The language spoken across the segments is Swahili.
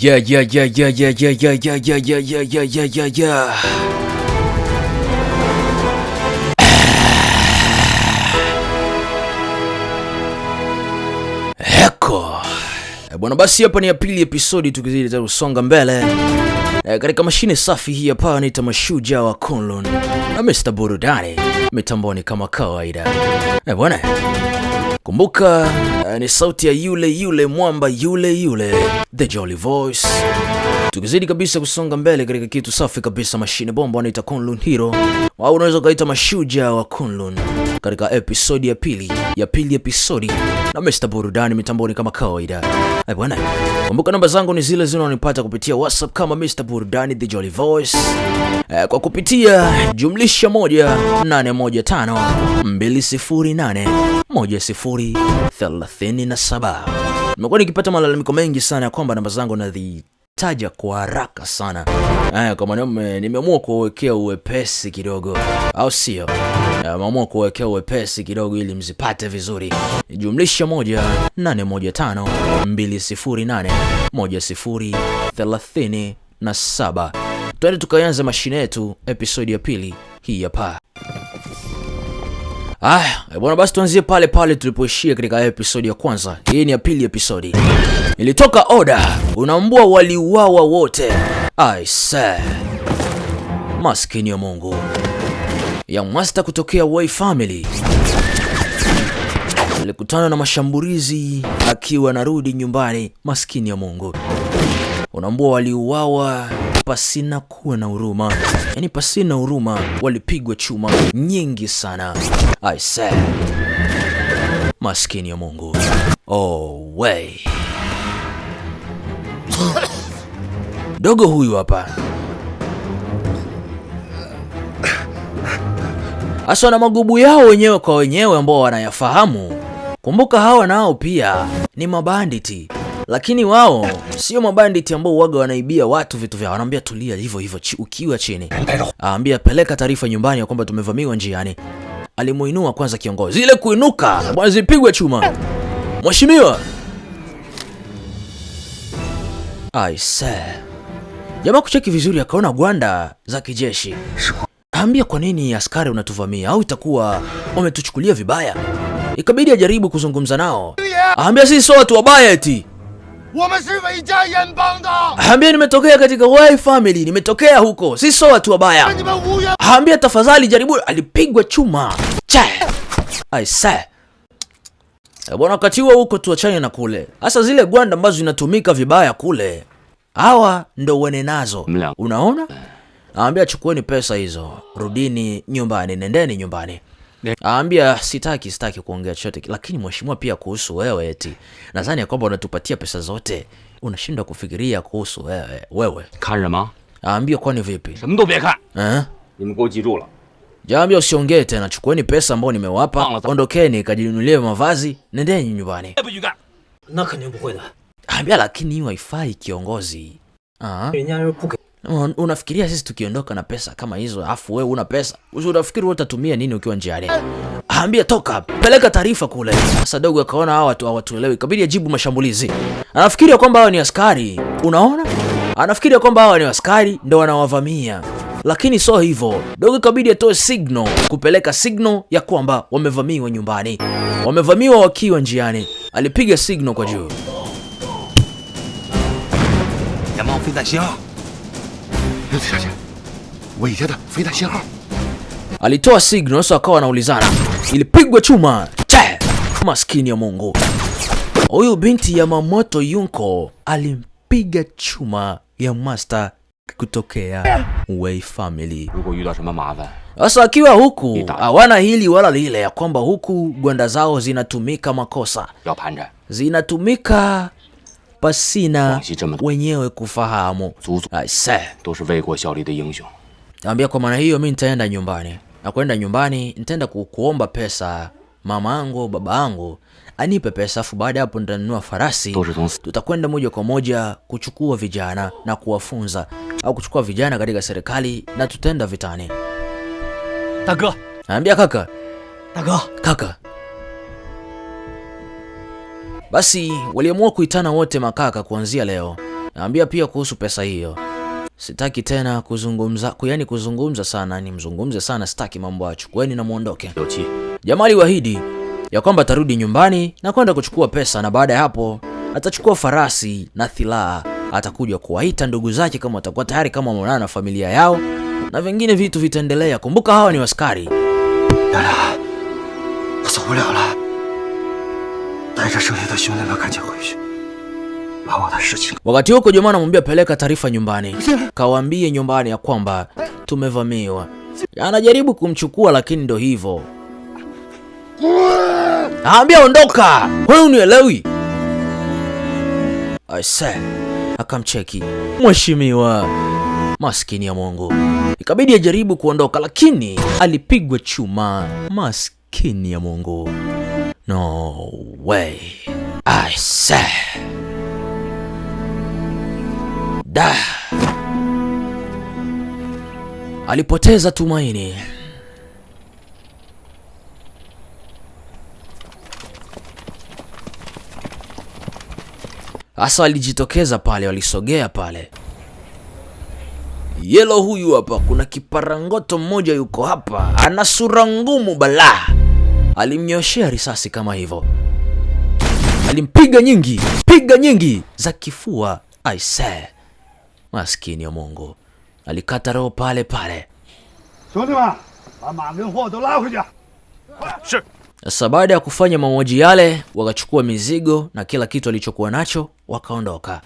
Yeah, yeah, yeah, yeah, yeah, yeah, yeah, yeah, yeah, yeah, yeah, yeah, yeah, yeah, yeah. Heko. Bwana basi hapa ni ya pili episodi tukizidi kusonga mbele. E, katika mashine safi hii hapa anaita mashuja wa Konlon na Mr. Burudani mitamboni kama kawaida. E, bwana Kumbuka eh, ni sauti ya yule yule mwamba yule yule, The Jolly Voice. Tukizidi kabisa kusonga mbele katika kitu safi kabisa, mashine bomba wanaita Kunlun Hero au unaweza ukaita mashuja wa Kunlun, katika episodi ya pili ya pili episodi na Mr Burudani mitamboni kama kawaida. Eh bwana, kumbuka namba zangu ni zile zinazonipata kupitia WhatsApp kama Mr Burudani the Jolly Voice eh, kwa kupitia jumlisha saba. Nimekuwa nikipata malalamiko mengi sana ya kwamba namba zangu na the taja kwa haraka sana. Haya, kwa mwanaume nimeamua kuwekea uwepesi kidogo, au sio? Nimeamua kuwekea uwepesi kidogo ili mzipate vizuri. Jumlisha moja nane moja tano mbili sifuri nane moja sifuri thelathini na saba. Twende tukaanza mashine yetu, episodi ya pili hii hapa. Aya eh, bwana, basi tuanzie pale pale tulipoishia katika episodi ya kwanza. Hii ni ya pili episodi. Ilitoka oda, unambua waliuawa wote. say. maskini ya Mungu ya Master kutokea Way Family alikutana na mashambulizi akiwa anarudi nyumbani. Maskini ya Mungu, unambua waliuawa pasina kuwa na huruma, yani pasina huruma walipigwa chuma nyingi sana. I said maskini ya Mungu. Oh way, dogo huyu hapa hasa na magubu yao wenyewe kwa wenyewe ambao wanayafahamu. Kumbuka hawa nao pia ni mabanditi. Lakini wao sio mabanditi ambao uwaga wanaibia watu vitu vyao, wanaambia tulia hivyo hivyo ukiwa chini, aambia peleka taarifa nyumbani ya kwamba tumevamiwa njiani. Alimuinua kwanza kiongozi, ile kuinuka bwana, zipigwe chuma, mheshimiwa. say jamaa kucheki vizuri, akaona gwanda za kijeshi, aambia kwa nini askari unatuvamia, au itakuwa wametuchukulia vibaya. Ikabidi ajaribu kuzungumza nao, aambia sisi sio watu wabaya eti Hambia nimetokea katika Y family, nimetokea huko, si so watu wabaya. Hambia tafadhali jaribu. Alipigwa chuma eh, bwana, wakati huo huko tuachane na kule. Hasa zile gwanda ambazo zinatumika vibaya kule, hawa ndo wene nazo, unaona. Naambia chukueni pesa hizo, rudini nyumbani, nendeni nyumbani. Aambia sitaki, sitaki kuongea chochote, lakini mheshimiwa, pia kuhusu wewe, eti nadhani ya kwamba unatupatia pesa zote, unashindwa kufikiria kuhusu wewe wewe. Aambia kwani vipi? Eh? usiongee tena, chukueni pesa ambao nimewapa, ondokeni kajinunulie mavazi, nendeni nyumbani. Aambia lakini hiyo haifai kiongozi. Ah. Unafikiria sisi tukiondoka na pesa kama hizo, afu wewe una pesa, unafikiri wewe utatumia nini ukiwa njiani? Ambia toka, peleka taarifa kule. Sasa dogo akaona hawa watu hawatuelewi, ikabidi ajibu mashambulizi. Anafikiria kwamba hawa ni askari, unaona? Anafikiria kwamba hawa ni askari ndio wanawavamia, lakini so hivyo. Dogo ikabidi atoe signal, kupeleka signal ya kwamba wamevamiwa nyumbani, wamevamiwa wakiwa njiani. Alipiga signal kwa juu Jamaa, alitoa signal sasa, akawa anaulizana, ilipigwa chuma che. Maskini ya Mungu, huyu binti ya Mamoto Yunko alimpiga chuma ya master kutokea Wei family. Sasa akiwa huku hawana hili wala lile, ya kwamba huku gwanda zao zinatumika makosa, zinatumika pasina wenyewe kufahamu. Naambia kwa maana hiyo, mi nitaenda nyumbani, na kwenda nyumbani nitaenda kuomba pesa mama angu baba angu anipe pesa, afu baada hapo nitanunua farasi. Tutakwenda moja kwa moja kuchukua vijana na kuwafunza au kuchukua vijana katika serikali na tutaenda vitani. Naambia kaka, kaka, kaka basi waliamua kuitana wote makaka kuanzia leo. Naambia pia kuhusu pesa hiyo. Sitaki tena kuzungumza, yaani kuzungumza sana, ni mzungumze sana, sitaki mambo ya chukueni na muondoke. Jamaa aliwaahidi ya kwamba atarudi nyumbani na kwenda kuchukua pesa, na baada ya hapo atachukua farasi na silaha, atakuja kuwaita ndugu zake kama atakuwa tayari, kama wameonana na familia yao, na vingine vitu vitaendelea. Kumbuka hawa ni waskari wakati huko jamaa anamwambia peleka taarifa nyumbani, kawaambie nyumbani ya kwamba tumevamiwa. Anajaribu kumchukua lakini ndo hivyo, aambia ondoka, wewe unielewi. Aise, akamcheki mheshimiwa, maskini ya Mungu. Ikabidi ajaribu kuondoka, lakini alipigwa chuma, maskini ya Mungu. No way. I say. Da. Alipoteza tumaini. Hasa walijitokeza pale, walisogea pale. Yelo huyu hapa, kuna kiparangoto mmoja yuko hapa, ana sura ngumu balaa alimnyoshea risasi kama hivyo, alimpiga nyingi piga nyingi za kifua. say, maskini ya Mungu alikata roho pale pale. Sasa baada ya kufanya mauaji yale, wakachukua mizigo na kila kitu alichokuwa nacho wakaondoka.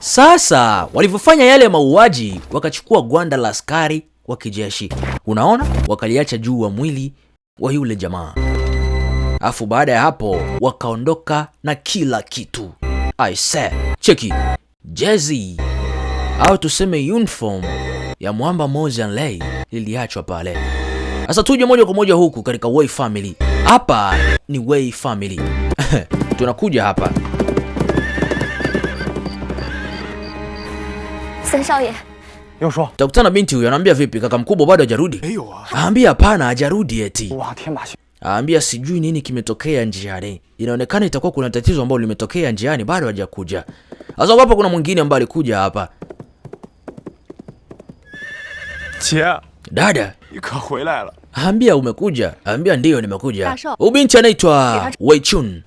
Sasa walivyofanya yale mauaji, wakachukua gwanda la askari wa kijeshi, unaona, wakaliacha juu wa mwili wa yule jamaa, alafu baada ya hapo wakaondoka na kila kitu. I say, cheki jezi au tuseme uniform ya mwamba Mozan Ley liliachwa pale. Sasa tuje moja kwa moja huku katika Way Family. Hapa ni Way Family tunakuja hapa Sen Yoshua. Takutana binti huyo anaambia vipi kaka mkubwa bado hajarudi? Aambia hapana hajarudi eti. Aambia sijui nini kimetokea njiani. Inaonekana itakuwa kuna tatizo ambalo limetokea njiani bado hajakuja. Sasa hapa kuna mwingine ambaye alikuja hapa. Tia. Dada. Aambia umekuja? Aambia ndio nimekuja. Huyu binti anaitwa Wei Chun.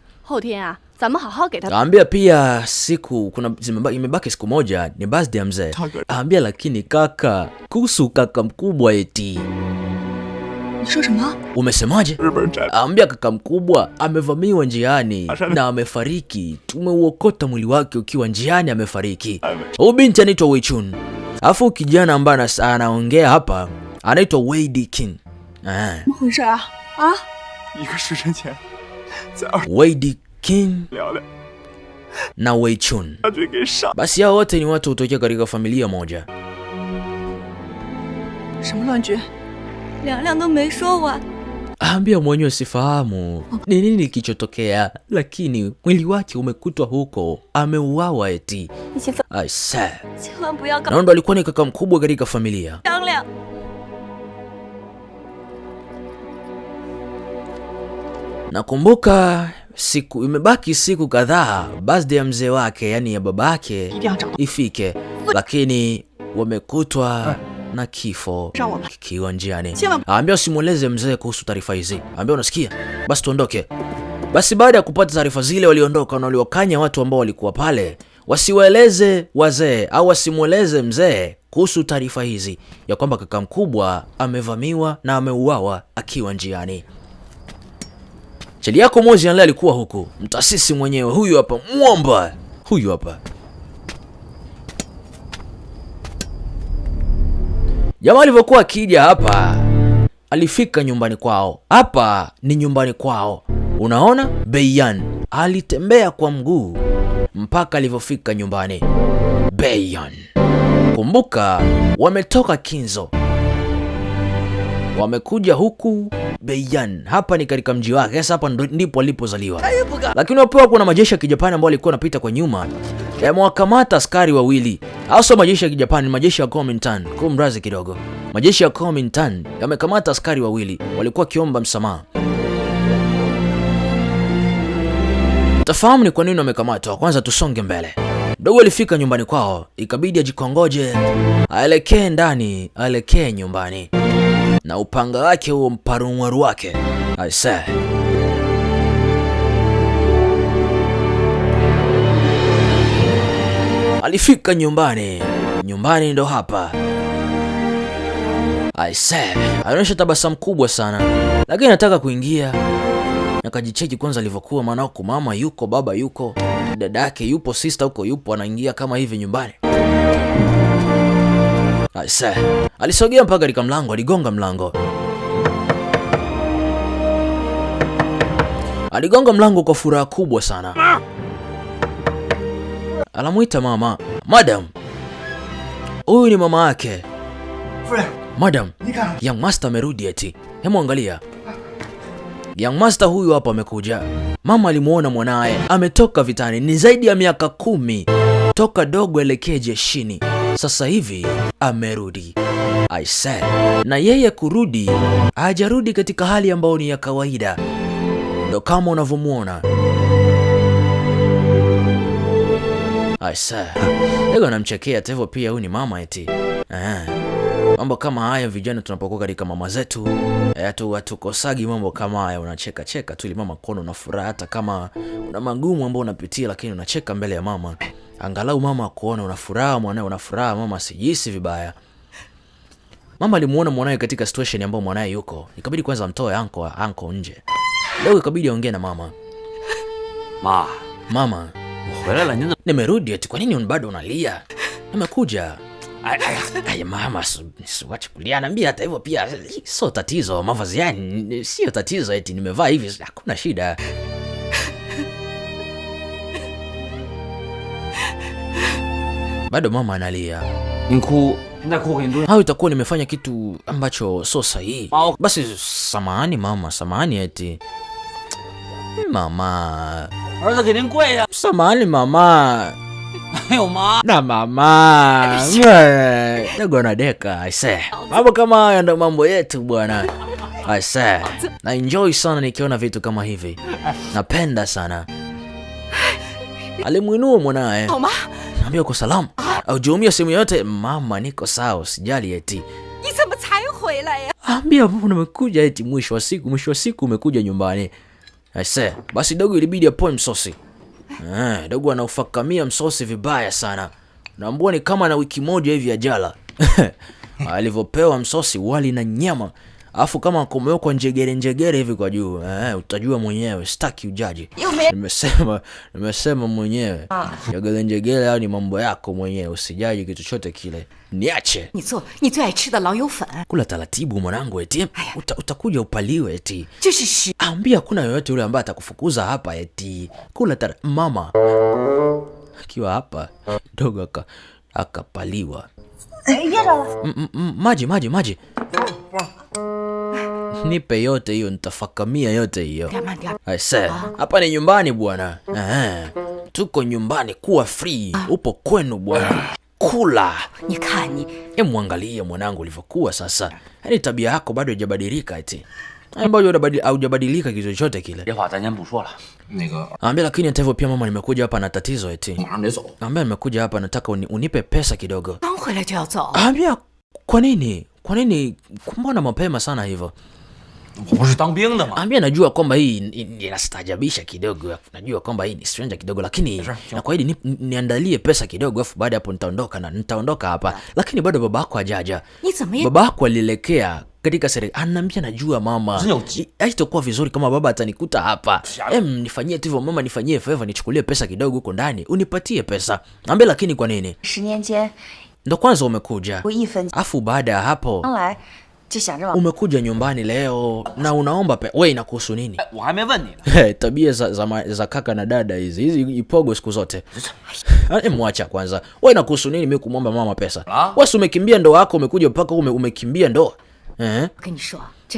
咱们好好给他。Ambia pia siku kuna imebaki siku moja ni birthday ya mzee. Ambia lakini kaka, kuhusu kaka mkubwa eti. Umesemaje? Ambia kaka mkubwa amevamiwa njiani na amefariki. Tumeuokota mwili wake ukiwa njiani, amefariki. Huyu binti anaitwa Weichun, alafu kijana ambaye anaongea hapa anaitwa Wei Dikin. Eh. Ah. Wei Dikin King na Wei Chun. Basi hao wote ni watu hutokea katika familia moja. Ambia mwenye usifahamu ni nini kilichotokea, lakini mwili wake umekutwa huko, ameuawa eti. Naondo alikuwa ni kaka mkubwa katika familia. Nakumbuka siku imebaki siku kadhaa birthday ya mzee wake, yani ya babake ifike, lakini wamekutwa na kifo kikiwa njiani. Aambia usimweleze mzee kuhusu taarifa hizi, aambia unasikia, basi tuondoke. Basi baada ya kupata taarifa zile, waliondoka na waliwakanya watu ambao walikuwa pale wasiwaeleze wazee au wasimweleze mzee kuhusu taarifa hizi ya kwamba kaka mkubwa amevamiwa na ameuawa akiwa njiani yako moja naye alikuwa huku mtasisi mwenyewe huyu hapa, mwamba huyu hapa. Jamaa alivyokuwa akija hapa, alifika nyumbani kwao. Hapa ni nyumbani kwao, unaona. Beyan alitembea kwa mguu mpaka alivyofika nyumbani. Beyan, kumbuka wametoka Kinzo wamekuja huku beyan Hapa ni katika mji wake. Sasa hapa ndipo alipozaliwa, lakini wapewa kuna majeshi ya Kijapani ambao walikuwa wanapita kwa nyuma, yamewakamata askari wawili, hasa majeshi ya Kijapani, majeshi ya Kuomintang. Kumrazi kidogo, majeshi ya Kuomintang yamekamata askari wawili, walikuwa wakiomba msamaha. Tafahamu ni kwa nini wamekamatwa. Kwanza tusonge mbele. Dogo alifika nyumbani kwao, ikabidi ajikongoje, aelekee ndani, aelekee nyumbani na upanga wake huo mparumaru wake aise. Alifika nyumbani, nyumbani ndo hapa aise. anaonyesha tabasamu kubwa sana, lakini anataka kuingia kajicheki kwanza alivyokuwa, maana huko mama yuko, baba yuko, dadake yupo, sister huko yupo, anaingia kama hivi nyumbani Aise, alisogea mpaka katika mlango, aligonga mlango, aligonga mlango kwa furaha kubwa sana. Alamwita mama, madam. Huyu ni mama yake. Madam, Young Master amerudi eti. Hemu angalia. Young Master huyu hapa amekuja. Mama alimuona mwanaye ametoka vitani, ni zaidi ya miaka kumi toka dogo elekee jeshini, sasa hivi amerudi. I said, na yeye kurudi hajarudi katika hali ambayo ni ya kawaida, ndo kama unavyomwona. I said, ego namchekea hata pia huyu ni mama eti eh, mambo kama haya vijana tunapokuwa katika mama zetu eh, hatukosagi mambo kama haya. Unacheka cheka tu ili mama kono na furaha, hata kama una magumu ambayo unapitia, lakini unacheka mbele ya mama angalau mama akuona unafuraha mwanae unafuraha mama sijisi vibaya. Mama alimuona mwanae katika situation ambayo mwanae yuko, ikabidi kwanza amtoe anko anko nje. Leo ikabidi aongee na mama. Ma, mama nimerudi, ati kwa nini bado unalia? Nimekuja Ay, mama siwache kulia, naambia hata hivyo pia sio tatizo. Mavazi yani sio tatizo, eti nimevaa hivi, hakuna shida. bado mama analia Nkuu au itakuwa nimefanya kitu ambacho sio sahihi. Ah, Basi samahani mama, samahani eti mama, samahani mama na mama nagonadeka ise mambo kama haya ndo mambo yetu bwana ise Na enjoy sana nikiona vitu kama hivi, napenda sana. Alimwinua mwanaye Naambia uko salama? Au jeumia simu yote? Mama, niko sawa, usijali eti. Ambia hapo nimekuja eti mwisho wa siku, mwisho wa siku umekuja nyumbani. Aise, basi dogo ilibidi apoe msosi. Eh, dogo anaufakamia msosi vibaya sana. Naambua ni kama na wiki moja hivi ya jala. Alivyopewa msosi wali na nyama. Afu kama kumewekwa njegere njegere hivi kwa juu eh, utajua mwenyewe, sitaki ujaji. Nimesema nimesema mwenyewe njegere njegere, au ni mambo yako mwenyewe, usijaji kitu chote kile, niache kula taratibu, mwanangu. Eti uta, utakuja upaliwe, eti ambia kuna yoyote yule ambaye atakufukuza hapa, eti kula tara. Mama akiwa hapa dogo akapaliwa aka Maji, maji, maji. Nipe yote hiyo, nitafakamia yote hiyo. Hapa ni nyumbani bwana. Eh. Tuko nyumbani, kuwa free. Ah. Upo kwenu bwana. Kula. Nikani. Emwangalie mwanangu ulivyokuwa sasa. Yaani tabia yako bado haijabadilika eti ambayo haujabadilika kitu chochote kile. Ambia, lakini hata hivyo pia mama, nimekuja hapa na tatizo eti. Mm, Ambia, nimekuja hapa nataka unipe pesa kidogo. Ambia, kwa nini? Kwa nini? Mbona mapema sana hivyo? Ambia, najua kwamba hii inastajabisha kidogo, najua kwamba hii ni stranger kidogo, lakini nakuahidi niandalie pesa kidogo, afu baada hapo nitaondoka na nitaondoka hapa. Lakini bado baba yako hajaja, baba yako alielekea katika serikali. Ananiambia najua mama, haitakuwa vizuri kama baba atanikuta hapa. Em, nifanyie tu hivyo mama, nifanyie favor, nichukulie pesa kidogo huko ndani, unipatie pesa. ambe lakini kwa nini? Ndo kwanza umekuja, afu baada ya hapo umekuja nyumbani leo na unaomba pe... we inakuhusu nini? Eh, tabia za, za, za kaka na dada hizi hizi ipogo siku zote. Mwacha kwanza, we inakuhusu nini mi kumwomba mama pesa? Ah. Wasi umekimbia ndoa yako, umekuja mpaka ume, umekimbia ndoa Eh?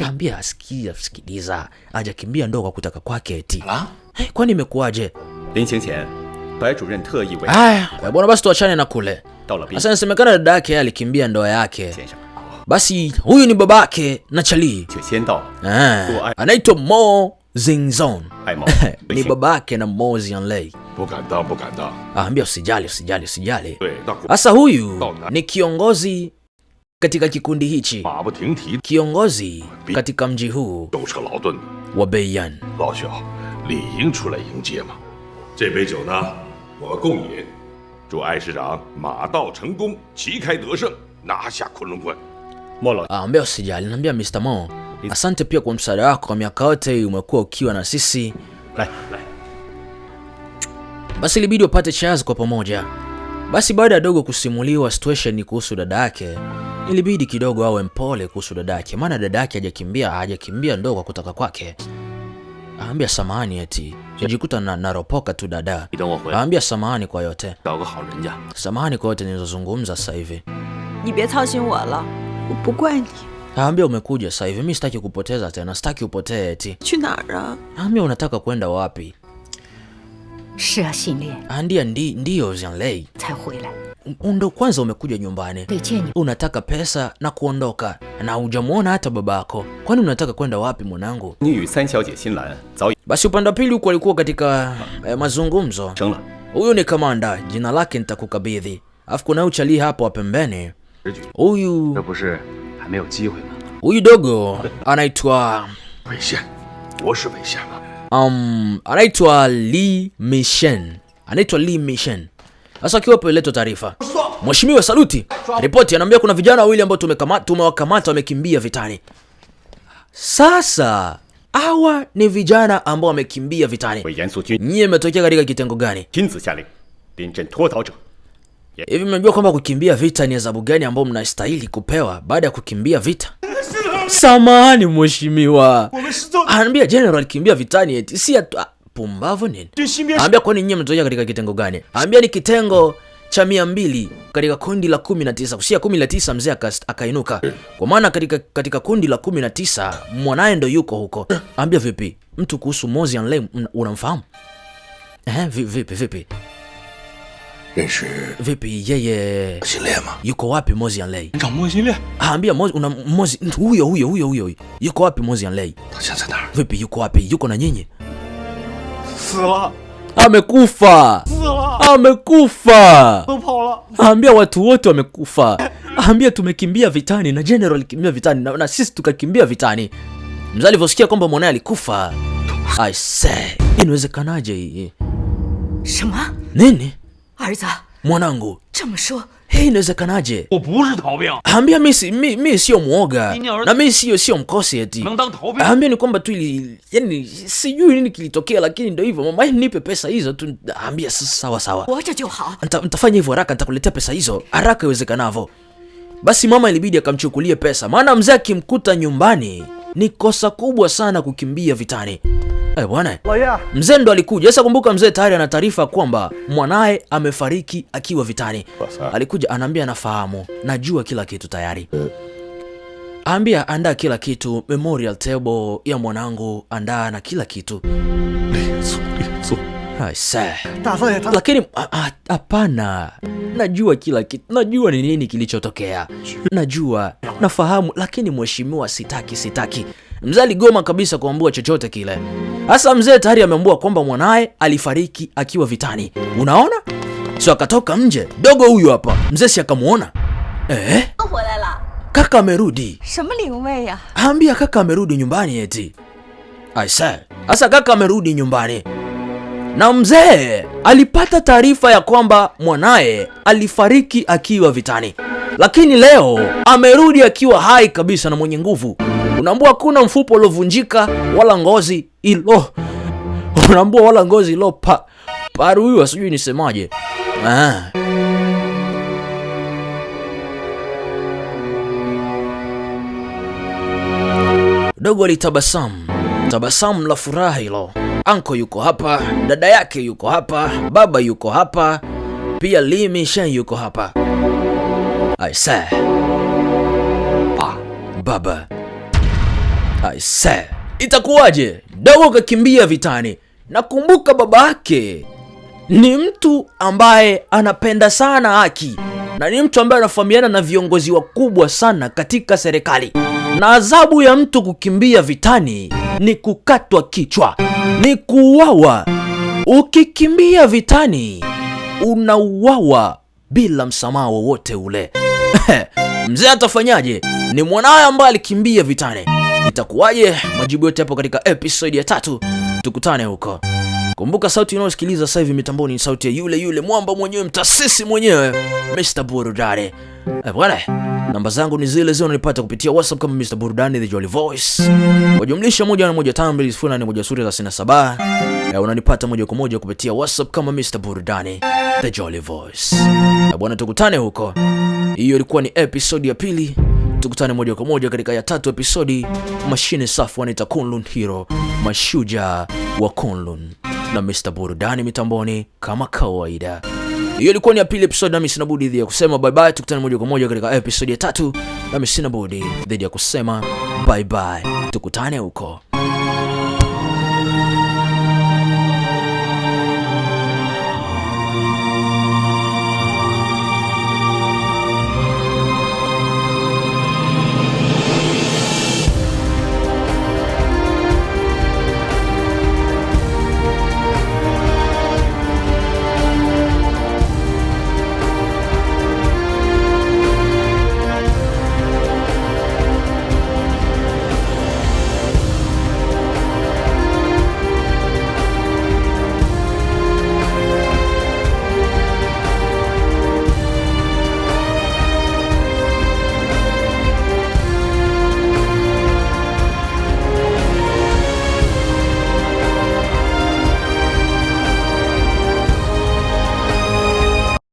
Kaambia asikia sikiliza, ajakimbia ndo kwa kutaka kwake eti. Ah? Eh, kwani imekuwaje? bwana basi tuachane na kule. Sasa nasemekana dada yake alikimbia ndoa yake. Basi huyu ni babake na Chali. Eh, oh, anaitwa Mo Zingzon. Ni babake na Mo Zianlei. Ah, ambia usijali, usijali, usijali. Eh, Sasa huyu ni kiongozi katika kikundi hichi, kiongozi katika mji huu wa Beiyan. Ambea usijali, naambia Mr. Mo, asante pia kwa msaada wako kwa miaka yote umekuwa ukiwa na sisi. Basi ilibidi wapate chazi kwa pamoja. Basi baada ya Dogo kusimuliwa situation kuhusu dada yake Ilibidi kidogo awe mpole kuhusu dadake, maana dadake hajakimbia hajakimbia ndo kwa kutaka kwake. Aambia samahani eti najikuta na naropoka tu dada. Aambia samahani kwa yote, samahani kwa yote nilizozungumza sasa hivi. Aambia umekuja sasa hivi, mi sitaki kupoteza tena, sitaki upotee. Eti aambia unataka kwenda wapi? Ah, ndia, ndi, ndiyo Jianlei ndo kwanza umekuja nyumbani unataka pesa na kuondoka na hujamwona hata babako, kwani unataka kwenda wapi mwanangu? Basi upande wa pili huku alikuwa katika ah. eh, mazungumzo. Huyu ni kamanda, jina lake nitakukabidhi, afu kuna uchali hapo pembeni. Huyu huyu dogo anaitwa um, anaitwa Li Mishen, anaitwa Li Mishen sasa kiwapo ileto taarifa. Mheshimiwa Saluti, ripoti anaambia kuna vijana wawili ambao tumekamata, tumewakamata wamekimbia vitani. Sasa hawa ni vijana ambao wamekimbia vitani. Nyie mmetokea katika kitengo gani? Hivi mnajua kwamba kukimbia vita ni adhabu gani ambayo mnastahili kupewa baada ya kukimbia vita? Samahani mheshimiwa, anaambia general kimbia vitani eti si Pumbavu nini? Ambia kwani nyinyi mnatoka katika kitengo gani? Ambia ni kitengo cha mia mbili katika kundi la kumi na tisa Kusia kumi tisa mzee akainuka. Kwa maana katika katika kundi la kumi na tisa mwanaye ndo yuko huko. Ambia vipi? Mtu kuhusu Mozi Online unamfahamu? Eh, vipi vipi? Vipi yeye? Yuko wapi Mozi Online? Ah, ambia Mozi una Mozi huyo huyo huyo huyo. Yuko wapi Mozi Online? Vipi yuko wapi? Yuko na nyinyi? amekufa amekufa. aambia watu wote wamekufa. Ambia tumekimbia vitani na general kimbia vitani na, na sisi tukakimbia vitani. Mzali alivyosikia kwamba mwanae alikufa, I say, inawezekanaje hii? Nini? Mwanangu hii inawezekanaje? Oh, Ambia mi mi, sio mwoga na mi sio sio mkosi eti. Ambia ni kwamba tu ili, yani sijui nini kilitokea, lakini ndo hivyo mama, nipe pesa hizo tu. Ambia sawa sawa, ntafanya hivyo haraka, ntakuletea pesa hizo haraka iwezekanavyo. Basi mama ilibidi akamchukulia pesa, maana mzee akimkuta nyumbani ni kosa kubwa sana kukimbia vitani. Eh, bwana oh, mzee ndo alikuja sasa. Kumbuka mzee tayari ana taarifa kwamba mwanaye amefariki akiwa vitani. Alikuja anaambia nafahamu najua kila kitu tayari. Eh. Ambia andaa kila kitu, memorial table ya mwanangu, andaa na kila kitu lakini hapana, najua kila kitu, najua ni nini kilichotokea, najua nafahamu, lakini mheshimiwa, sitaki sitaki. Mzee aligoma kabisa kuambua chochote kile. Hasa mzee tayari ameambua kwamba mwanaye alifariki akiwa vitani, unaona? So akatoka nje, dogo huyu hapa, mzee si akamwona eh? Kaka amerudi, ambia kaka amerudi nyumbani eti. Aise, kaka amerudi nyumbani na mzee alipata taarifa ya kwamba mwanaye alifariki akiwa vitani, lakini leo amerudi akiwa hai kabisa na mwenye nguvu. Unaambua hakuna mfupa uliovunjika wala ngozi ilo, unaambua wala ngozi ilo pa paruiwa, sijui nisemaje ah. Dogo alitabasamu tabasamu la furaha hilo anko yuko hapa, dada yake yuko hapa, baba yuko hapa, pia Limi Shen yuko hapa. say ah, baba say itakuwaje dogo kakimbia vitani? Nakumbuka baba yake ni mtu ambaye anapenda sana haki na ni mtu ambaye anafahamiana na viongozi wakubwa sana katika serikali, na adhabu ya mtu kukimbia vitani ni kukatwa kichwa, ni kuuawa. Ukikimbia vitani, unauawa bila msamaha wowote ule. Mzee atafanyaje? Ni mwanawe ambaye alikimbia vitani. Itakuwaje? Majibu yote yapo katika episodi ya tatu. Tukutane huko. Kumbuka, sauti unayosikiliza sasa hivi mitamboni ni sauti ya yule yule mwamba mwenyewe, mtasisi mwenyewe, Mr. Burudani eh, bwana. Namba zangu ni zile zile unanipata kupitia WhatsApp kama Mr Burudani the Jolly Voice. Wajumlisha moja na moja tano mbili sifuri nane moja sifuri thelathini na saba. Unanipata moja kwa moja kupitia WhatsApp kama Mr Burudani the Jolly Voice. Na bwana, tukutane huko. Hiyo ilikuwa ni episodi ya pili. Tukutane moja kwa moja katika ya tatu episodi. Mashine safi wanaita Kunlun Hero, mashujaa wa Kunlun, na Mr Burudani mitamboni kama kawaida. Hiyo ilikuwa ni ya pili episode, nami sina budi dhidi ya kusema bye bye. Tukutane moja kwa moja katika episode ya tatu, nami sina budi dhidi ya kusema bye bye. Tukutane huko.